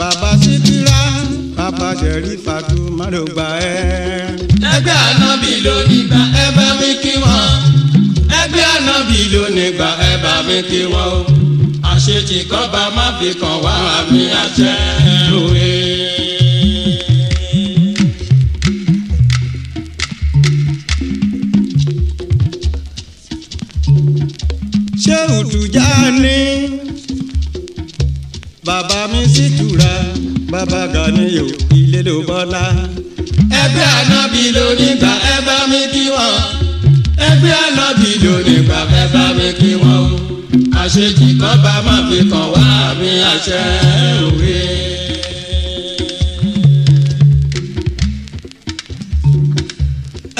bàbá síkírá bàbá jẹ̀rí fàtú márùgbà ẹ̀. ẹgbẹ́ ànábì ló nígbà ẹ bá mi kí wọn. ẹgbẹ́ ànábì ló nígbà ẹ bá mi kí wọn o. àṣetì kan bá má fi kàn wá àmì àṣẹ lóye. ṣé òtújà ni bàbá mi sì tura bàbá Ganiyu ilé ló bọ́lá. ẹgbẹ́ ànábì ló nígbà ẹ bá mi kí wọ́n ẹgbẹ́ ànábì ló nígbà ẹ bá mi kí wọ́n àṣejì kan bá má fi kàn wá àmì àṣẹ òwe.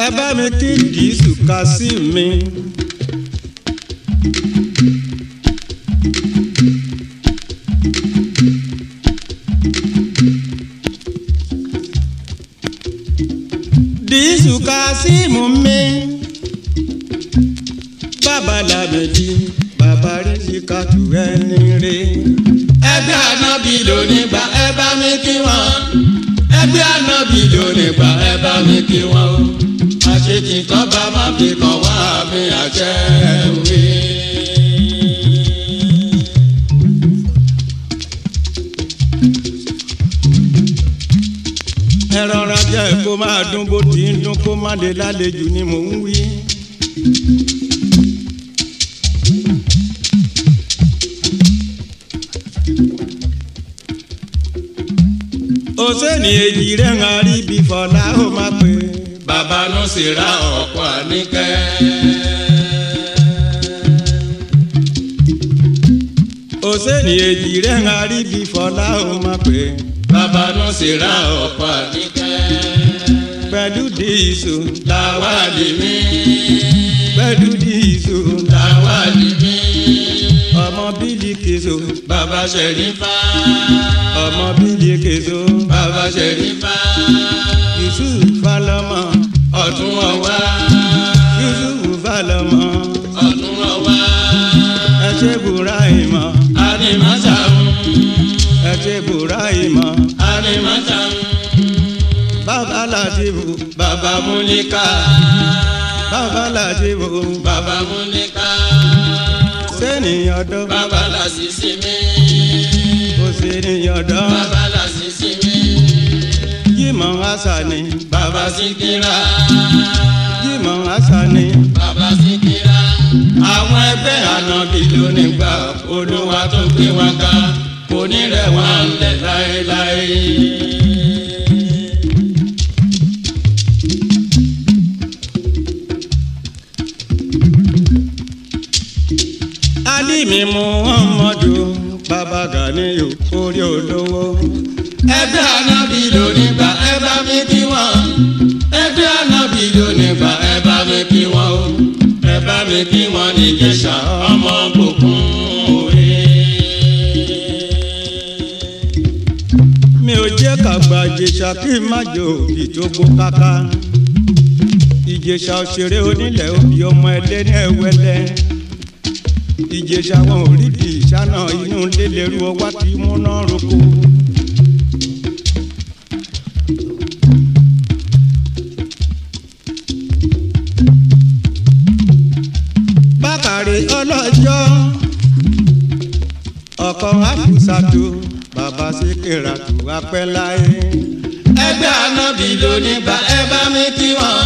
ẹ bá mi kí dìísù kásí mi. tí mò ń mí bàbá làbẹ̀dì bàbá rìsí kàtú ẹni rè. ẹgbẹ́ ànábì lónìí gbà ẹ bá mi kí wọn ẹgbẹ́ ànábì lónìí gbà ẹ bá mi kí wọn o àṣetì kan bá má fi kàn wá mi àjẹ́ o. má lè lálejò ni mò ń wí. òsèlè èjì rẹ̀ ń rí bí fọlá ó má pé. bàbá ló sì ra ọ̀pọ̀ àníkẹ́. òsèlè èjì rẹ̀ ń rí bí fọlá ó má pé. bàbá ló sì ra ọ̀pọ̀ àníkẹ́ pẹ̀lú dìísù làwa lè mí. pẹ̀lú dìísù làwa lè mí. ọmọ bílí kezo bàbá ṣẹ̀rífà. ọmọ bílí kezo bàbá ṣẹ̀rífà. yusuf falọmọ ọ̀tún ọwá. yusuf falọmọ ọ̀tún ọwá. ẹ ṣe bùrá ìmọ̀. àní màsà ń. ẹ ṣe bùrá ìmọ̀. àní màsà Lajibu bàbá Múníkà bàbá Lajibu bàbá Múníkà sẹ́niyàn ọ̀dọ́ bàbá Lásìsì mi kò sẹ́niyàn ọ̀dọ́ bàbá Lásìsì mi Jímọ̀ Hasani bàbá Síkírà Jímọ̀ Hasani bàbá Síkírà àwọn ẹgbẹ́ ànábì ló nígbà olúwa tó gbé wọn ká kò ní rẹ̀ láéláé. Gani Muhammadu bàbá Gani orí olówó. ẹgbẹ́ anábì ló nígbà ẹ bá mi kí wọ́n. ẹgbẹ́ anábì ló nígbà ẹ bá mi kí wọ́n o. ẹ bá mi kí wọ́n ní Ìjẹ̀ṣà ọmọ gbòkun òye. mi ò jẹ́ kàgbà Ìjẹ̀ṣà kí n má jò òbí tó gbó káká. Ìjẹ̀ṣà òṣèré onílẹ̀ òbí ọmọ ẹlẹ́ni ẹ̀wẹ́lẹ́ ìjẹsà wọn ò rídì ìṣáná inú lélẹ́rú ọwá tí mú náà roko. bákàrè ọlọ́jọ́ ọkọ̀ àfúsàtò bàbá síkìrà tó wá pẹ́ láyé. ẹgbẹ́ ànábì ló nígbà ẹ bá mi kí wọ́n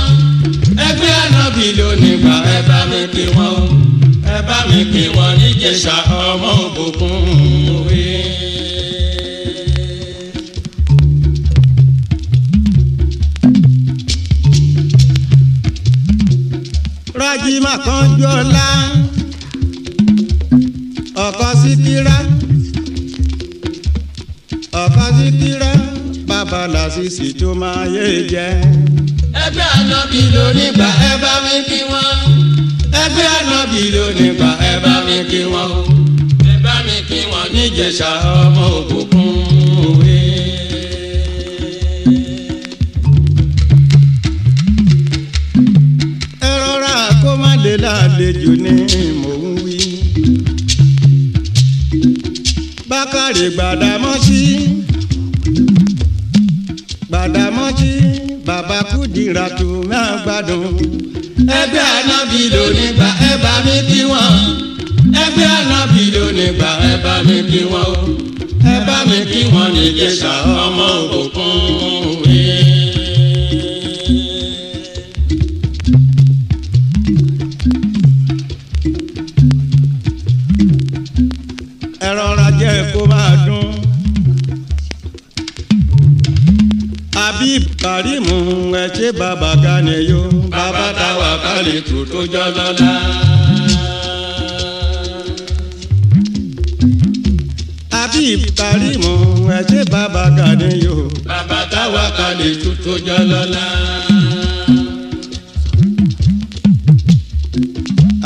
ẹgbẹ́ ànábì ló nígbà ẹ bá mi kí wọ́n ẹ bá mi pè wọ́n níjẹ̀ṣà ọmọ òbòkun òwe. rajima kan jọlá ọkọ síkírá ọkọ síkírá bàbá làṣìṣì tó máa yé jẹ. ẹgbẹ́ àná mi lónìí gbà ẹ bá mi kí wọ́n ẹgbẹ́ ànábì ló nípa ẹ bá mi kí wọn o ẹ bá mi kí wọn níjẹ̀ṣà ọmọ òkùnkùn òwe. ẹ rọra kó má lè lálejò ní mò ń wí. bákàrè Gbàdámọ́sí Gbàdámọ́sí bàbá Kúdírátù máa gbádùn ẹgbẹ́ anábì ló nígbà ẹ bá mi kí wọn ẹgbẹ́ anábì ló nígbà ẹ bá mi kí wọn o ẹ bá mi kí wọn ní Ìjẹ̀ṣà ọmọ Òkun. Habib Karim ẹ ṣe bàbá Ganiyo bàbá táwa kálí tù tó jọ lọ́la. Habib Karim ẹ ṣe bàbá Ganiyo bàbá táwa kálí tù tó jọ lọ́la.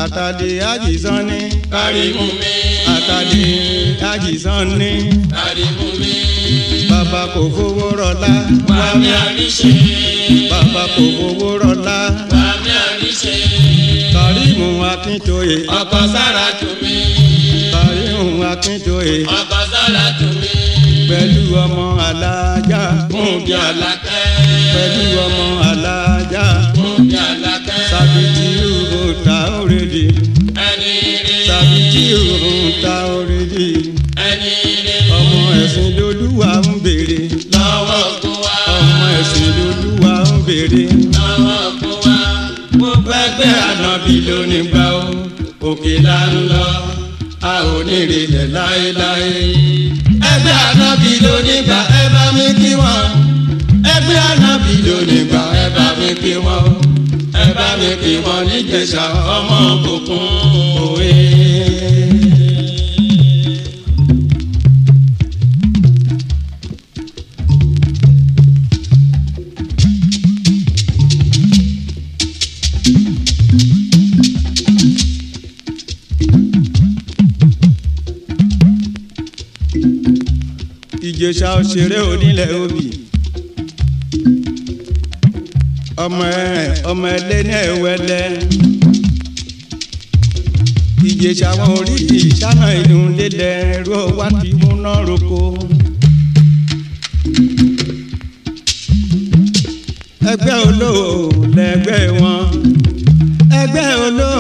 àtàdé àjìsàn ni. Karimu mi. àtàdé àjìsàn ni. Karimu mi bàbá kò fowó rọlá. wàmí àríṣe. bàbá kò fowó rọlá. wàmí àríṣe. Kàrímù Akíntóyè. ọkọ sára tùmí. Kàrímù Akíntóyè. ọkọ sára tùmí. pẹ̀lú ọmọ alájà. Múmi Àlàkẹ́. pẹ̀lú ọmọ alájà. Múmi Àlàkẹ́. Sàbìtì òòtà òrèlè. ẹni rí. Sàbìtì òòtà òrèlè. ṣeré. àwọn òkú wa bó bá gbé ànábì lónìí gbà ó òkè là ń lọ a ò ní rìnlẹ̀ láéláé. ẹgbẹ́ ànábì lónìí gbà ẹ bá mi kí wọn. ẹgbẹ́ ànábì lónìí gbà ẹ bá mi kí wọn. ẹ bá mi kí wọn níjẹ̀ṣà ọmọ òkùnkùn òwe. ìjẹ̀ṣà òṣèré onílẹ̀ obì ọmọ ẹ ọmọ ẹlẹ́ni ẹ̀wẹ́lẹ́ ìjẹ̀ṣà wọn orí ìṣáná ìdùn lélẹ̀ ẹ̀rọ wá ti múná roko. ẹgbẹ́ olóò lẹ́gbẹ́ wọn ẹgbẹ́ olóò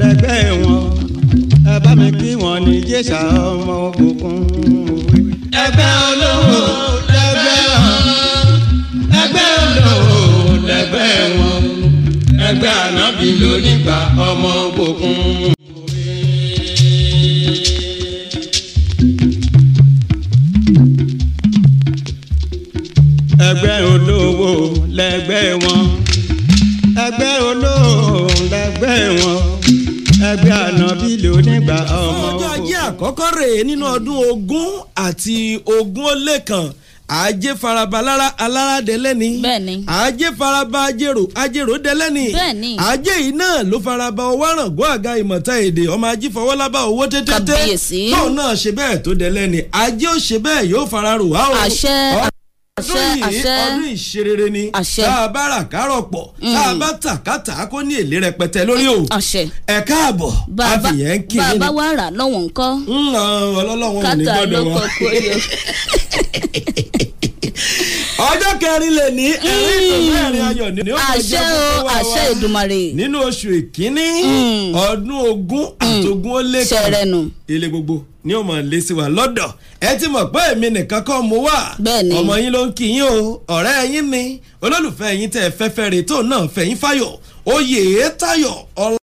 lẹ́gbẹ́ wọn ẹ bá mi kí wọn ní ìjẹ̀ṣà ọmọ òkùnkùn ẹgbẹ́ olówó lẹ́gbẹ́ wọn ẹgbẹ́ olówó lẹ́gbẹ́ wọn ẹgbẹ́ ànábì lónígbà ọmọ òkun. ẹgbẹ́ olówó lẹ́gbẹ́ wọn ẹgbẹ́ olówó lẹ́gbẹ́ wọn ẹgbẹ́ ànábì lónígbà ọmọ òkun. ọjọ́ ajé àkọ́kọ́ rèé nínú ọdún ogún àti ogún ó lé kan ajé faraba lára alára dẹlẹ́ni. bẹ́ẹ̀ni. ajé faraba ajérò ajérò dẹlẹ́ni. bẹ́ẹ̀ni. ajé yìí náà ló faraba ọwárangó àga ìmọ̀ta èdè ọmọ ají fọwọ́lábà owó tètè. kàbíyèsí. tóun náà ṣe bẹ́ẹ̀ tó dẹlẹ́ni ajé ó ṣe bẹ́ẹ̀ yóò fara rò wá o. àṣẹ ọdún yìí ọdún ìṣerere ni tá a bá rà kárọ̀ pọ̀ mm. tá a bá tà kátà kó ní èlé rẹpẹtẹ lórí o ẹ káàbọ̀ àfihàn ń kiri ni. bàbá wa rà lọ́wọ́n kọ́. Mm, ọlọ́lọ́wọ́n ò ní gbọ́dọ̀ wọn. kátà ló kọ́ kó yọ. kẹrin lè ní ẹ̀rín ìtọ́lẹ́rìn ayọ̀ ní ó máa jẹ́ fún wa àṣẹ Èdùmàrè nínú oṣù ìkíní mm. ọdún ogún mm. àtogún ó lé kan ilé gbogbo ni ó máa lé sí wa lọ́dọ̀ ẹ ti mọ̀ pé èmi nìkan kọ́ mo wà ọmọ yín ló ń kí yín o ọ̀rẹ́ yín ni olólùfẹ́ yín tẹ́ fẹ́fẹ́ rè tó náà fẹ̀yìn fáyọ̀ oyè táyọ̀ ọ̀la.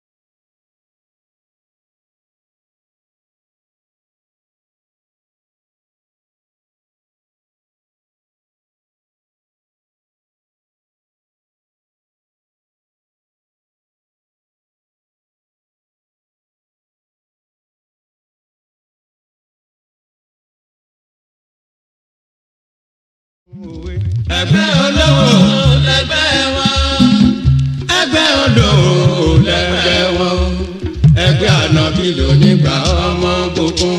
ẹgbẹ́ olówó lẹgbẹ́ wọn ẹgbẹ́ olówó lẹgbẹ́ wọn ẹgbẹ́ ànábì ló nígbà ọmọ gbogbo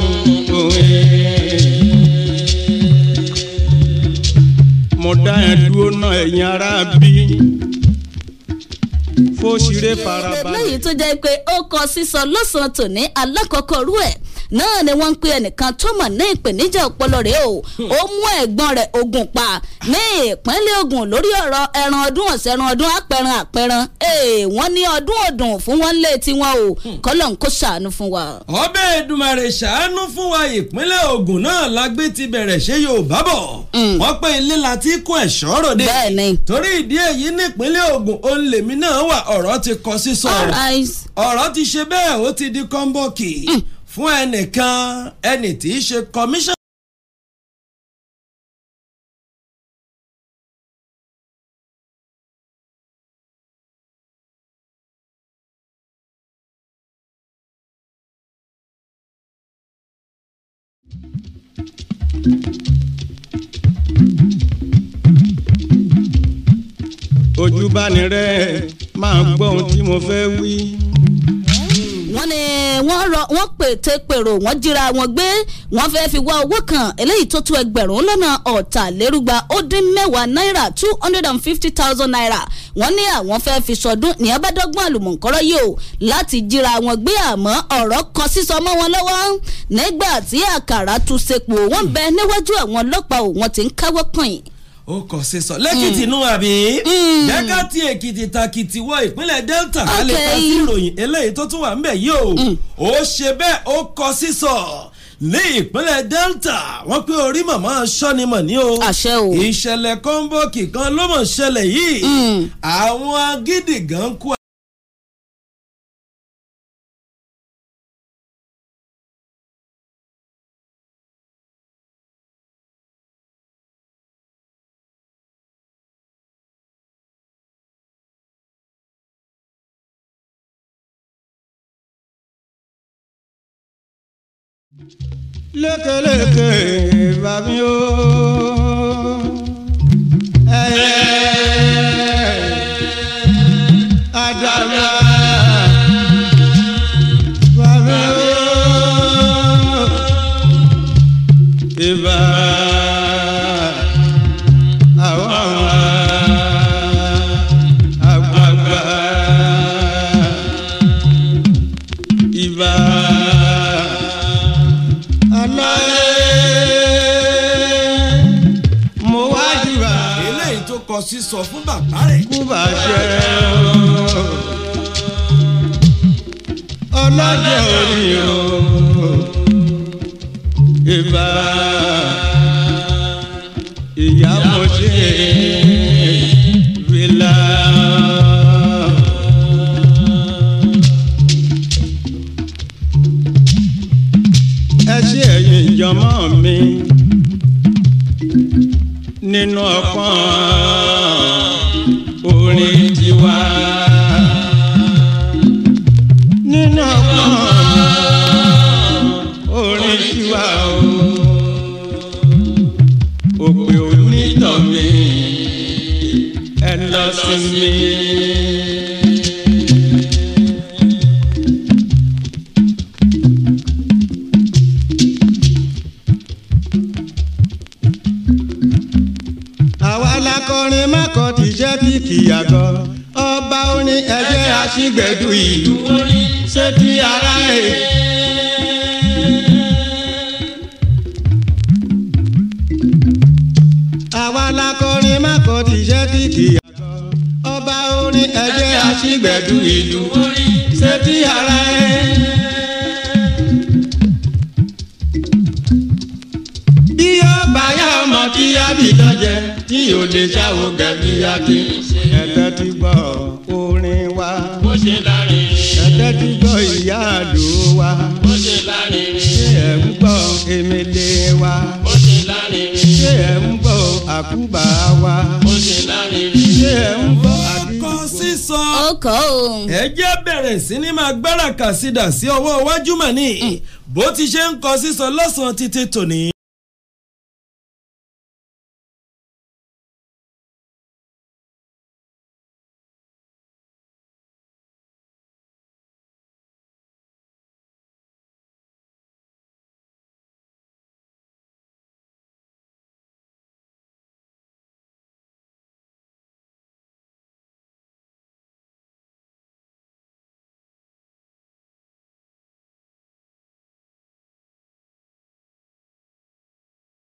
mo dá ẹ dúró náà ẹ̀yin ará bí fóṣìrè farabalẹ̀. lẹ́yìn tó jẹ́ pé ó kọ sísọ lọ́sàn-án tòní alákọ̀ọ́kọ́ rú ẹ̀ náà ni wọ́n ń pe ẹnìkan tó mọ̀ ní ìpèníjà ọpọlọ rẹ̀ o hmm. ó mú ẹ̀gbọ́n rẹ̀ ogun pa ní ìpínlẹ̀ Ògùn lórí ọ̀rọ̀ ẹran ọdún ọ̀sẹ̀ ẹran ọdún apẹran apẹran ee wọ́n ní ọdún ọdún fún wọn lé tiwọn o hmm. kọ́lọ̀ ń kó ṣàánú fún wa. ọbẹ̀ Èdùmàrè ṣàánú fún wa ìpínlẹ̀ Ògùn náà la gbé ti bẹ̀rẹ̀ ṣe Yorùbá bọ̀ hmm. wọ́n pé ilé la ti kó ẹ̀ṣọ́ ròde torí ìdí èyí nípínlẹ̀ Ògùn òun lèmi náà wà ọ̀rọ̀ ti kọ bẹ́ẹ̀ ó ti fún ẹnìkan ẹni tí í ṣe commission. ojúbánirẹ́ máa gbọ́ ohun tí mo fẹ́ wí wọ́n ní wọ́n rọ wọ́n pète pèrò wọ́n jíra wọn gbé wọ́n fẹ́ fi wá owó kan eléyìí tó tó ẹgbẹ̀rún lọ́nà ọ̀tàlérúgba ó dín mẹ́wàá náírà two hundred and fifty thousand naira wọ́n ní àwọn fẹ́ fi sọdún ní abádọ́gbọ́n àlùmọ̀kọ́rọ́ yìí o láti jíra wọn gbé àmọ́ ọ̀rọ̀ kan sísọ mọ́ wọn lọ́wọ́ nígbà tí àkàrà tún sepo wọ́n bẹ níwájú àwọn ọlọ́pàá ò wọ́n ti ń káwọ́ kàn ó kọ sí sọ lẹ́kìtì mm. nù àbí jẹ́ká mm. ti èkìtì takìtì wọ ìpínlẹ̀ delta ká lè kọ sí ìròyìn eléyìí tó tún wà ń bẹ̀ yìí o mm. ó ṣe bẹ́ẹ̀ ó kọ sí sọ ní ìpínlẹ̀ delta wọ́n pé orí màmá sọ́nimọ̀ ní o ìṣẹ̀lẹ̀ kọ́ńbọ̀kì kan ló mọ̀ ṣẹlẹ̀ yìí àwọn agídì gan kú Leke leke babiol nínú ọpọ́n. tí ò lè ṣàwò gẹ̀mí akí. ẹ̀tẹ́ ti gbọ́ orin wa. bó ṣe lárin. ẹ̀tẹ́ ti gbọ́ ìyá àlò wa. bó ṣe lárin. ṣé ẹ̀ ń gbọ́ emele wa. bó ṣe lárin. ṣé ẹ̀ ń gbọ́ àkúbà wa. bó ṣe lárin. ṣé ẹ̀ ń gbọ́ ọkọ o. ẹ jẹ́ bẹ̀rẹ̀ sí ní máa gbára kàsídà sí ọwọ́ iwájú ní bó ti ṣe ń kọ sísọ lọ́sàn-án títí tòní.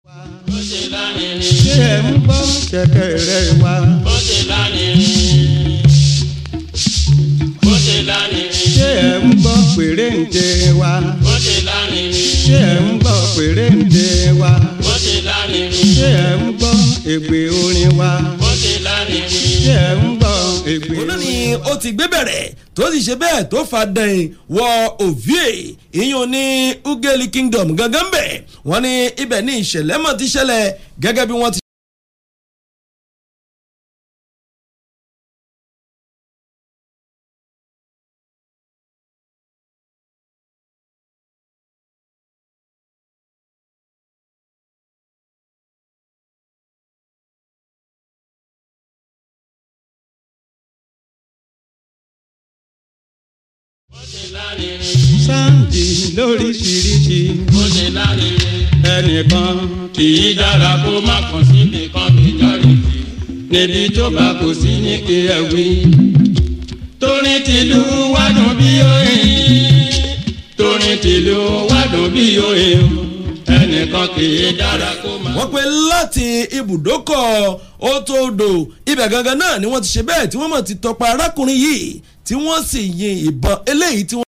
ṣé ẹ ń gbọ́ kẹ̀kẹ́ rẹ̀ wá. bó ṣe lánìí bó ṣe lánìí. ṣé orin wa. ṣé ẹ ń gbọ́ òun ni ó ti gbé bẹ̀rẹ̀ tó sì ṣe bẹ́ẹ̀ tó fa dẹ̀yìn wọ òvíè ìyún ní ugeli kingdom gangan bẹ̀ wọ́n ní ibẹ̀ ní ìṣẹ̀lẹ̀ mọ̀ ti ṣẹlẹ̀ gẹ́gẹ́ bí wọ́n ti sáǹdì lóríṣiríṣi ẹnìkan kì í dára kó má kàn sí nìkan majority níbi tó bá kò sí ní kí ẹ wí torí tìlú wádùn bí òye torí tìlú wádùn bí òye ẹnìkan kì í dára kó má. wọ́n pe láti ibùdókọ̀ ó tó dò ibẹ̀ gangan náà ni wọ́n ti ṣe bẹ́ẹ̀ tí wọ́n mọ̀ ti tọpa arákùnrin yìí tí wọ́n sì yin ìbọn eléyìí tí wọ́n.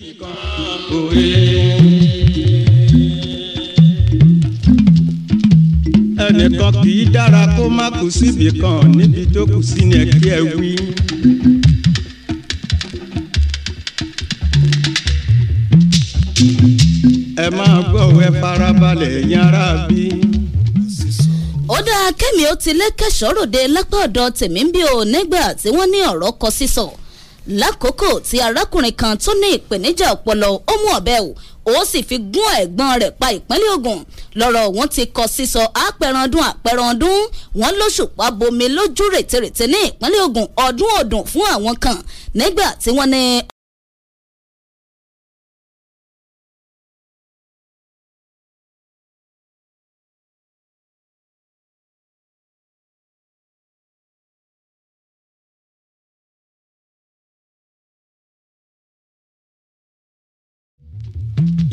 Because ẹnìkan kì í dára kó má kù síbi kan níbi tó kù sí ni ẹ kí ẹ wí. ẹ máa gbọ́ ẹ farabalẹ̀ yára bí. ó dáa kẹ́mi ó ti lẹ́kẹ̀sọ́ròde lápá ọ̀dọ̀ tèmi bí o nígbà tí wọ́n ní ọ̀rọ̀ kọ sísọ lákòókò tí arákùnrin kan tó ní ìpèníjà ọpọlọ ó mú ọ̀bẹ o ó sì fi gún ẹ̀gbọ́n rẹ̀ pa ìpínlẹ̀ Ògùn lọ́rọ̀ òun ti kọ sísọ àpẹrandún àpẹrandún wọn lóṣùpá bomi lójú rètérètè ní ìpínlẹ̀ Ògùn ọdún ọdún fún àwọn kan nígbà tí wọ́n ní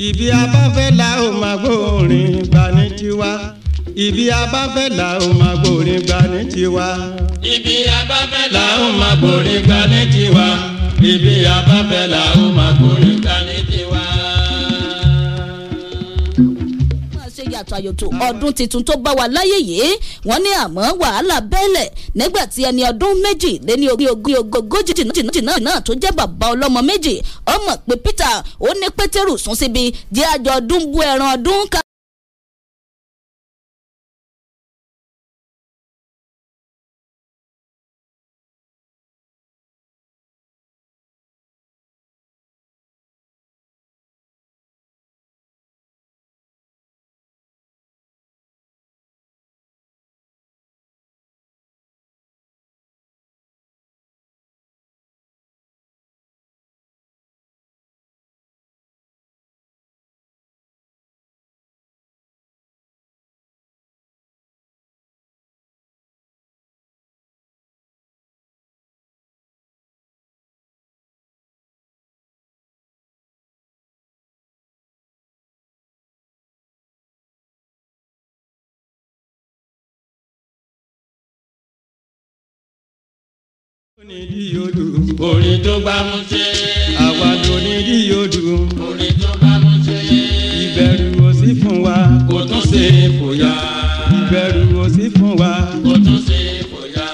ibi abáfẹ́ la ó máa gbóòórìn gbà ní tiwa ibi abáfẹ́ la ó máa gbóòórìn gbà ní tiwa. ibi abáfẹ́ la ó máa gbóòórìn gbà ní tiwa ibi abáfẹ́ la ó máa gbóòórìn gbà ní tiwa. fàyòtò ọdún tuntun tó bá wa láyé yìí wọ́n ní àmọ́ wàhálà bẹ́lẹ̀ nígbà tí ẹni ọdún méjì lé ní ogún ogún ogójì jìnnà náà tó jẹ́ bàbá ọlọ́mọ méjì ọmọ pé Peter ó ní Pétérù sún síbi jẹ́ àjọ ọdún bú ẹran ọdún ká onídìyodù orin tó bá mú ṣe. àwàdà onídìyodù orin tó bá mú ṣe. ìbẹ̀rù ò sí fún wa kò tún ṣe kò yá. wa kò tún ṣe kò yá.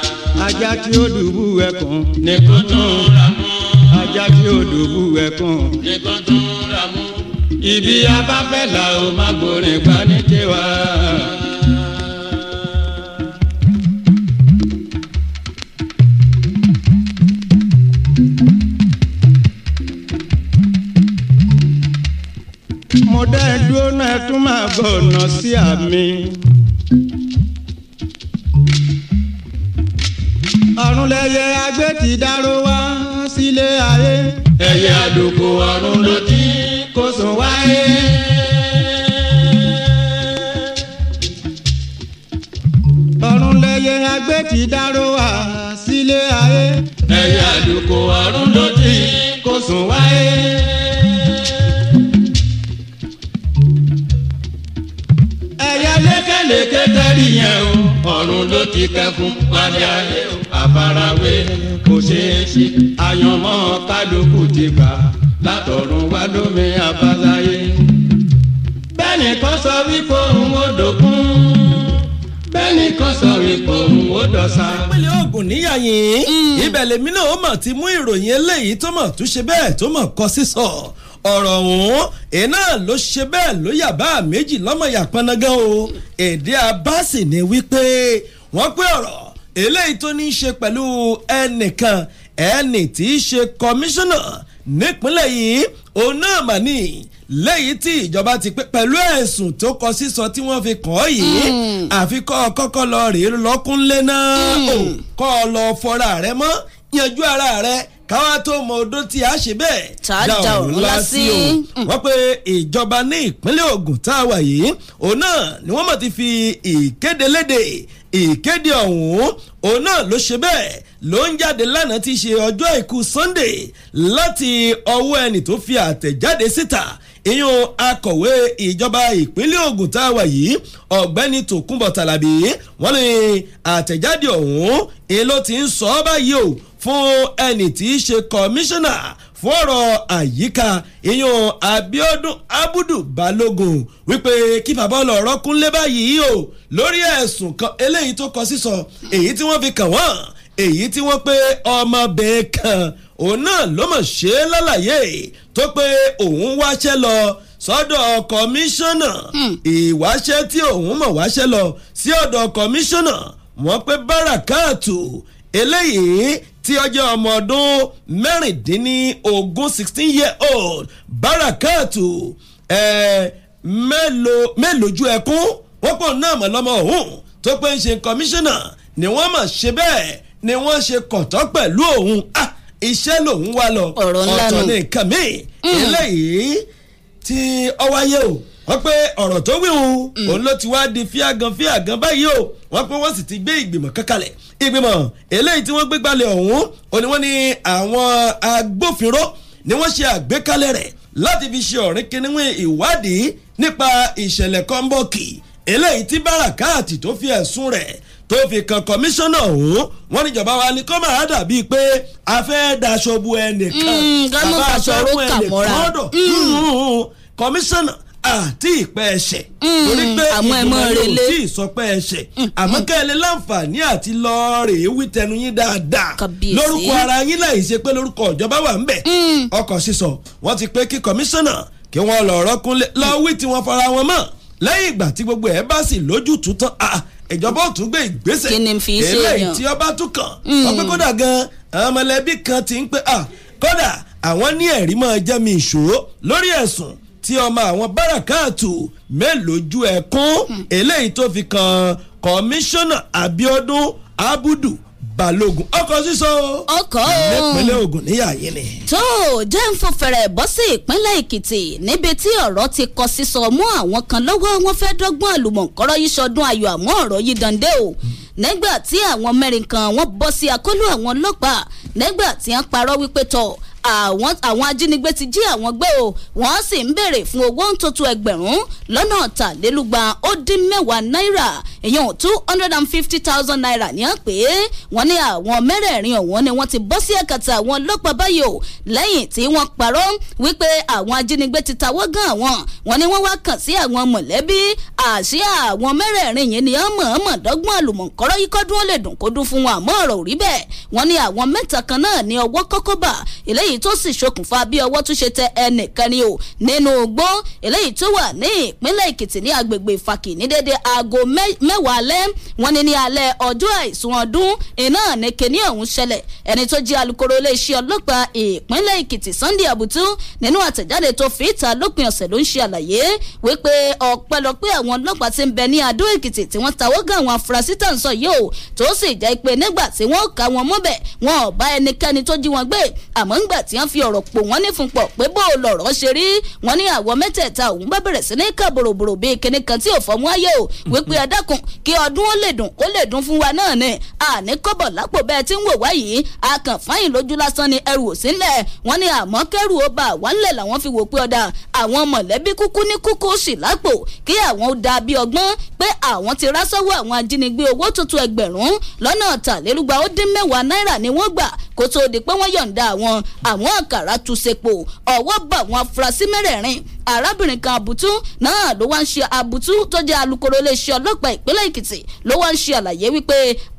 ajá tí ó dùbú ẹkùn ní kò tún ra mú. ajá tí ibi abáfẹ́ la ó má gbórin pa tiwa. gọ̀nà sí àmì. ọ̀run lẹyẹ agbé ti dárò wá sílé ayé. ẹyẹ àdókò ọ̀run ló ti kó sùn wáyé. ọ̀run lẹyẹ agbé ti dárò wá sílé ayé. ẹyẹ àdókò ọ̀run ló ti kó sùn wáyé. sẹ́kẹ́tẹ́rì yẹn o ọ̀run ló ti kẹfún parí ayé o àfarawé kò ṣeé ṣe àyànmọ́ kálukú ti gbà látọ̀run wá lómi abáláyé. bẹ́ẹ̀ni kan sọ wípé òun ò dòkun bẹ́ẹ̀ni kan sọ wípé òun ò dọ̀sà. ìpínlẹ̀ Ògùn níyàyín hmm. ibẹ̀ lèmi náà ó mọ̀ ti mú ìròyìn eléyìí tó mọ̀ tún ṣe bẹ́ẹ̀ tó mọ̀ kọ sísọ. So ọ̀rọ̀ ọ̀hún iná ló ṣe bẹ́ẹ̀ ló yàbá méjì lọ́mọ yàpọnagan o èdè abasi ni wípé wọ́n pé ọ̀rọ̀ eléyìí tó ní í ṣe pẹ̀lú ẹnìkan ẹnì tí í ṣe kọmíṣánná nípínlẹ̀ yìí òun náà mà ní lẹ́yìn tí ìjọba ti pé pẹ̀lú ẹ̀sùn tó kọ sísọ tí wọ́n fi kàn yìí hmm. àfikọ́ kọ́kọ́ lọ rèé lọ́kúnlé náà hmm. kọ́ ọ lọ fọra rẹ mọ́ yanjú ara rẹ káwá tó mọ odó tí a ṣe bẹ́ẹ̀ dá òun ńlá sí o wọ́n pe ìjọba ní ìpínlẹ̀ Ògùn tá a wà yìí òun náà ni wọ́n mọ̀ ti fi ìkéde léde ìkéde ọ̀hún òun náà ló ṣe bẹ́ẹ̀ ló ń jáde lánàá ti ṣe ọjọ́ àìkú Sunday láti ọwọ́ ẹni tó fi àtẹ̀jáde síta ìyún akọ̀wé ìjọba ìpínlẹ̀ Ògùn tá a wà yìí ọ̀gbẹ́ni Tòkunbọ̀ Tàlàbí wọ́n ní àtẹ̀jáde ọ̀hún èló ti ń sọ ọ́ báyìí fún ẹnì tí í ṣe kọmíṣánná fún ọ̀rọ̀ àyíká ìyún abiodun abudu balogun wípé kí bàbá ọlọ́rọ̀ kúnlé báyìí o lórí ẹ̀sùn kan eléyìí tó kọ sísọ èyí tí wọ́n fi kàn wọ́n èyí tí wọ́n pé ọmọbìnrin kan òun náà ló mọ̀ ṣe é lálàyé tó pé òun wáṣẹ́ lọ sọ́dọ̀ kọmíṣánná hmm. ìwáṣẹ́ tí òun mọ̀ wáṣẹ́ lọ sí ọ̀dọ̀ kọmíṣánná wọ́n pé bárakáàtù eléyìí tí ó jẹ́ ọmọ ọdún mẹ́rìndínlógún sixteen year old barakatu ẹ̀ mélòójú ẹkún wọ́n pọ̀ náà mọ̀ lọ́mọ òun tó pé ń ṣe kọmíṣánná ni wọ́n mọ̀ ṣe bẹ́ẹ̀ ni wọ́n ṣe kọ̀tọ́ pẹ̀lú òun ah, iṣẹ́ lòun wá lọ ọ̀tọ̀ ní nǹkan míì mm. eléyìí tí ó wáyé o wọ́n pé ọ̀rọ̀ tó wíhun mm. òun ló ti wá di fíàgàn fíàgàn báyìí o wọ́n pé wọ́n sì ti gbé ìgbìmọ̀ kankanlẹ̀ ìgbìmọ̀ eléyìí tí wọ́n gbé gbalẹ̀ ọ̀hún ó ní wọ́n ní àwọn agbófinró ni wọ́n ṣe àgbékalẹ̀ rẹ̀ láti fi ṣe ọ̀rìn kìnìún ìwádìí nípa ìṣẹ̀lẹ̀ kọ́ńbọ̀kì eléyìí tí báràkáàtì tó fi ẹ̀sùn rẹ̀ tó fi kan kọmíṣánná ọ̀hún wọ́n níjọba wa ni kọ́ máa dàbí pé a fẹ́ daṣọ bu ẹnìkan mm, bàbá aṣọ ọ̀rọ̀ ẹnìkan ọ̀dọ̀ mm. kọmíṣánná àti ìpẹ́ ẹ̀ṣẹ̀ mm, torí pé ìgbìmọ̀ yóò tí ì sọ pé ẹ̀ṣẹ̀ mm, mm. àmọ́ kẹ́lẹ́ láǹfààní àti lọ́ọ̀rì wí tẹnu yín dáadáa lórúkọ ara yín láì ṣe pé lórúkọ ìjọba wà ń bẹ̀ ọkọ̀ sísọ wọ́n ti pé kí kọmíṣánná kí wọ́n lọ rọ́kúnlé lọ́wí tí wọ́n fara wọn mọ́ lẹ́yìn ìgbà tí gbogbo ẹ̀ bá sì lójútùú tán ìjọba ò tún gbé ìgbésẹ̀ eléyìí tí ọba ń pé kódà àwọn tí ọmọ àwọn báràkàtù mélòójú ẹkún hmm. eléyìí tó fi kan kọmíṣánná Abíọ́dún Abudu balógun ọkọ̀ sísọ. ọkọ̀ o nípínlẹ̀ Ògùn níyà yìí ni. tó o jẹ́ ń fò fẹ̀rẹ̀ bọ́ sí ìpínlẹ̀ Èkìtì níbi tí ọ̀rọ̀ ti kọ sísọ mú àwọn kan lọ́wọ́ wọn fẹ́ dọ́gbọ́n àlùmọ̀ǹkọ́rọ́ yìí sọdún ayọ̀ àmọ́ ọ̀rọ̀ yìí dande o nígbà tí àwọn mẹ́rin kan wọ́n bọ́ sí akólú àwọn ọlọ́pàá nígbà tí wọ́n parọ́ wípé tọ̀ àwọn àwọn ajínigbé ti jí àwọn gbé o wọ́n sì ń béèrè fún owó ń tuntun ẹgbẹ̀rún lọ́nà ọ̀tàlélúgba ó dín mẹ́wàá náírà èèyàn two hundred and fifty thousand naira ní à ń pè é wọ́n ní àwọn mẹ́rẹ̀ẹ̀rin ọ̀hún ni wọ́n ti bọ́ sí ẹ̀kàtà àwọn ọlọ́pàá báyìí o lẹ́yìn tí wọ́n parọ́ wípé àwọn ajínigbé ti tawọ́ gan àwọn wọ́n ní wọ́n wá kàn sí àwọn mọ̀lẹ́bí àṣé àwọn mẹ́rẹ̀ẹ̀rin yìí ni wọ́n mọ̀ọ́mọ̀ dọ́gbọ́n àlùmọ̀kọ́rọ́ yìí kọ́dún ó lè dùn kó dún fún wọn àmọ́ ọ̀rọ̀ ò bẹ́ẹ̀ wọ́n ní àwọn mẹ́ta kan náà ní ọwọ́ kọ́kọ́ bà eléyìí eléyìí tó sì ṣokùnfà bí ọwọ́ tún ṣe tẹ ẹnìkan ni o nínú igbó eléyìí tó wà ní ìpínlẹ̀ èkìtì ní agbègbè ìfàkì ní dédé aago mẹ́wàá alẹ́ wọn ni ní alẹ́ ọjọ́ àìsùn ọdún iná ní ọ̀hún ṣẹlẹ̀ ẹni tó jẹ́ alukoro iléeṣẹ́ ọlọ́pàá ìpínlẹ̀ èkìtì sunday abutu nínú àtẹ̀jáde tó fi ìta lópin ọ̀sẹ̀ ló ń ṣe àlàyé wípé ọ̀pẹ̀lọpẹ̀ àwọn ọlọ́pàá ti ń bẹ ní adó èkìtì tí wọ́n tawọ́ gan àwọn afurasí tàn sọ yìí o tó sì jẹ́ pé nígbà tí wọ́n kà wọ́n mọ́bẹ̀ wọn ò tí wọ́n fi ọ̀rọ̀ pò wọ́n ní fún pọ̀ pé bó o lọ̀rọ̀ ṣe rí wọ́n ní àwọn mẹ́tẹ̀ẹ̀ta òun bá bẹ̀rẹ̀ sí ní kà bòròbòrò bíi kinní kan tí ò fọmú ayé o wípé ẹ dákun kí ọdún ó lè dùn ó lè dùn fún wa náà ni àní kọ́bọ̀ lápò bẹ́ẹ̀ tí ń wò wá yìí akàn fáyìn lójú lásán ni ẹrù ò sí ńlẹ̀ wọ́n ní àmọ́ kẹ́rù ó bá wà ńlẹ̀ làwọn fi wò pé ọ̀dà àwọn mọ̀lẹ́bí kúkú ní kúkú sì lápò kí àwọn ó dà bí ọgbọ́n pé àwọn ti rá àwọn ajínigbé owó tuntun ẹgbẹ̀rún lọ́nà ọ̀tàlélúgba ó dín mẹ́wàá náírà ni wọ́n gbà kó tóó di pé wọ́n yọ̀ǹda àwọn àwọn àkàrà tu sepo ọwọ́ bá àwọn afurasí mẹ́rẹ̀ẹ̀rin arábìnrin kan àbùtú náà ló wá ń ṣe àbùtú tó jẹ́ alukoro iléeṣẹ́ ọlọ́pàá ìpínlẹ̀ èkìtì ló wá ń ṣe àlàyé wípé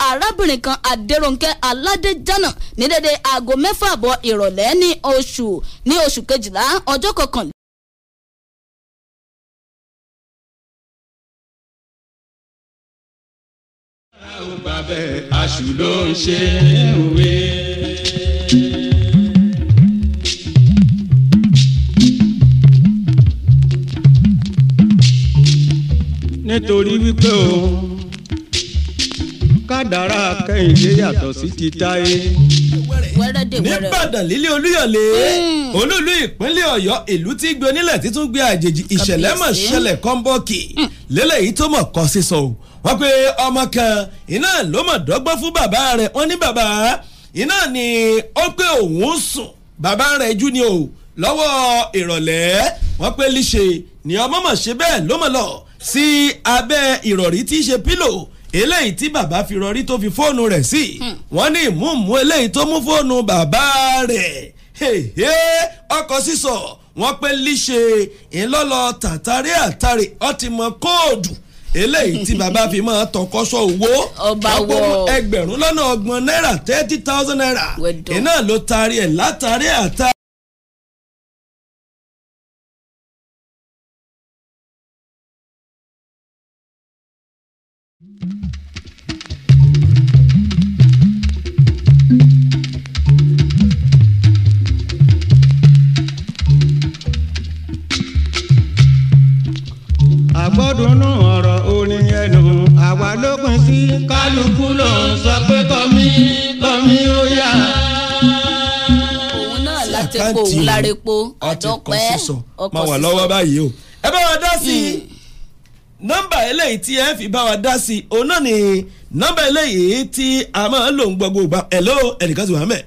arábìnrin kan adérónkẹ́ aládéjánà ní dédé aago mẹ́fà àbọ̀ ìrọ̀lẹ́ ní oṣù ní oṣù kejìlá ọjọ́ kọkànlá ó bá bẹ́ẹ̀ aṣù ló ń ṣe òwe nítorí wípé o kádàrá kẹ́hìndé yàtọ̀ sí ti táyé. nìbàdàn lílé olúyọ̀lé hmm. olúlu ìpínlẹ̀ ọ̀yọ́ ìlú tí gbé onílẹ̀ títún gbé àjèjì ìṣẹ̀lẹ̀ mọ̀ ṣẹlẹ̀ kọ́ńbọ́ọ̀kì hmm. lélẹ́yìí tó mọ̀ kọ́ sísọ o wọ́n pe ọmọ kan iná ló mọ̀ dọ́gbọ́n fún bàbá rẹ̀ wọ́n ní bàbá iná ni ó pé òun sùn bàbá rẹ̀ jù ni o lọ́wọ́ ìrọ̀lẹ́ wọ́n pé líṣe ni ọmọ mọ̀ ṣe bẹ́ẹ̀ ló mọ̀ lọ sí abẹ́ ìrọ̀rí tí í ṣe pílò eléyìí tí bàbá fi rọrí tó fi fóònù rẹ̀ sí hmm. wọ́n ní ìmúùmú eléyìí tó mú fóònù bàbá rẹ̀ ọkọ̀ sísọ wọ́n pé líṣe ńlọ́lọ́ tàtàrí àtàrí ọtí mọ kóòdù eléyìí tí bàbá fi máa tọkọ́sọ owó ọgbọ́n ẹgbẹ̀rún lọ́nà ọgbọ̀n náírà thirty thousand naira iná ló taari ẹ̀ látàrí àta. thank you kálukú ló ń sọ pé kọ́mí kọ́mí ó yá. òun náà láti po òun lára epo àdọ́pẹ́ ọkọ̀ sísọ. máa wà lọ́wọ́ báyìí o. ẹ bá wa dá sí i hmm. nọ́mbà eléyìí tí ẹ fi bá wa dá sí i òun náà ni nọ́mbà eléyìí tí a máa ń lò ń gbogbo ìgbà hello ẹnìkan ti wà mẹ́.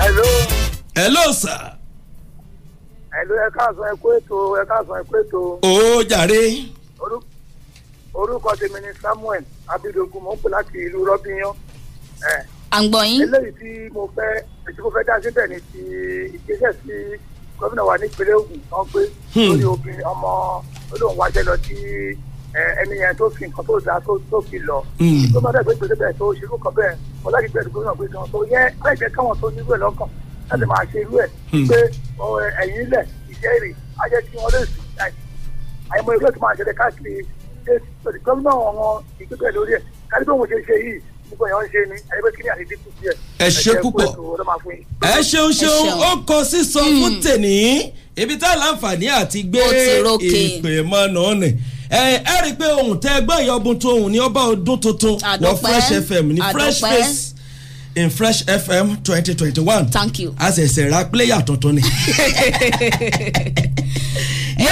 hello. hello sir. hello ẹ káàsán ẹ kó ètò ẹ káàsán ẹ kó ètò. ó jàre orúkọ tèmi ni Samuel Abidogun mo ń pè láti ìlú Rọ́bíyán. à ń gbọ́ yín. eléyìí tí mo fẹ́ tí mo fẹ́ dá síbẹ̀ ni ti ìgbésẹ̀ sí gómìnà wa nípínlẹ̀ Ògùn kan gbé hmm. lórí obìnrin ọmọ olóhùn wájẹ́ lọ sí ẹni yẹn tó fi nǹkan tó da tó fi lọ. Hmm. tó bá dẹ̀ gbé gbèsè bẹ́ẹ̀ tó ṣerú kan bẹ́ẹ̀ ọlá ti bẹ̀rù gómìnà gbé gan tó yẹ aláìjẹ́ káwọn tó nírú ẹ̀ lọ́kàn láti máa ṣe irú ẹ̀ hmm. pé ẹ̀yìn ilẹ̀ ìjẹ́rìí á jẹ́ kí wọ́n lè sùn àìmọ̀ irú ẹ̀ tó máa ṣẹlẹ̀ káàkiri gọ́ọ̀mù àwọn ìgbésẹ̀ lórí ẹ̀ kárí pé òun ṣe ṣe yìí gbogbo èèyàn ń ṣe ni ẹgbẹ́ kíní àti dínkù díẹ̀. ẹ ṣe púpọ̀ ẹ ṣeun ṣeun ó kọ sísọ hmm. fún tèmi ibi tá láǹfààní àti gbé ìpè mọ́ náà ẹ rí i pé ohun tẹ ẹgbẹ́ ìyọ̀bùn tó ohun ní ọba ọdún tuntun wọ fresh fm ní fresh face in fresh fm twenty twenty one thank you a ṣẹ̀ṣẹ̀ ra pílẹ́yà tuntun ni.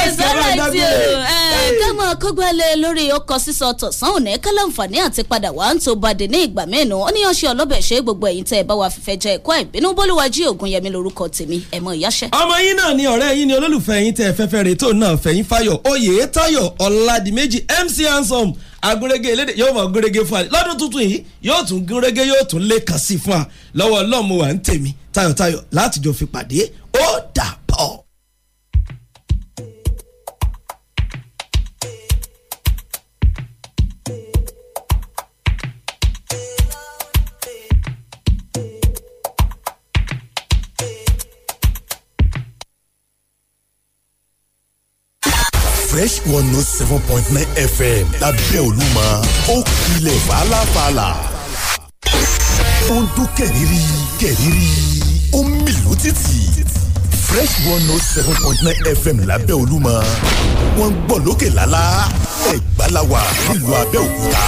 ẹ̀sẹ̀láìtì o kẹ́mọ̀ kọ́gbálẹ̀ lórí ọkọ̀ sísọ tọ̀sán òní kálánfààní àti padà wá ń tó bàdé ní ìgbà mẹ́nu ó ní ọṣẹ ọlọ́bẹ̀ ṣe gbogbo ẹ̀yin tẹ́ ẹ bá wa fífẹ́ jẹ́ ẹ̀kọ́ ìbínú bólúwájú ògùnyẹmí lórúkọ tèmi ẹ̀mọ ìyáṣẹ́. ọmọ yín náà ni ọ̀rẹ́ yín ni olólùfẹ́ yín tẹ́ ẹ fẹ́fẹ́ rètò náà fẹ̀yìn fáyọ̀ oyè táyọ̀ ọ̀làdìmẹ́jì mc handsome agúnrégé elédè yóò mọ gúnrégé fún wa lọ́dún tuntun yìí yóò tún gúnrégé yóò tún lé kàn sí fún wa lọ́wọ́ ọlọ́mùwà ń tèmi tayọ̀tayọ̀ láti jọ fi pàdé ó dà one oh seven point nine fm lábẹ́ olúmọ ó kilẹ̀ fàlàfàlà. ó ń dún kẹ̀rìírí kẹ̀rìírí ó ń mìlú títì fresh one oh seven point nine fm lábẹ́ olúmọ wọ́n ń gbọ́ lókè lálá ẹ̀gbá la wà nílùú abẹ́òkúta.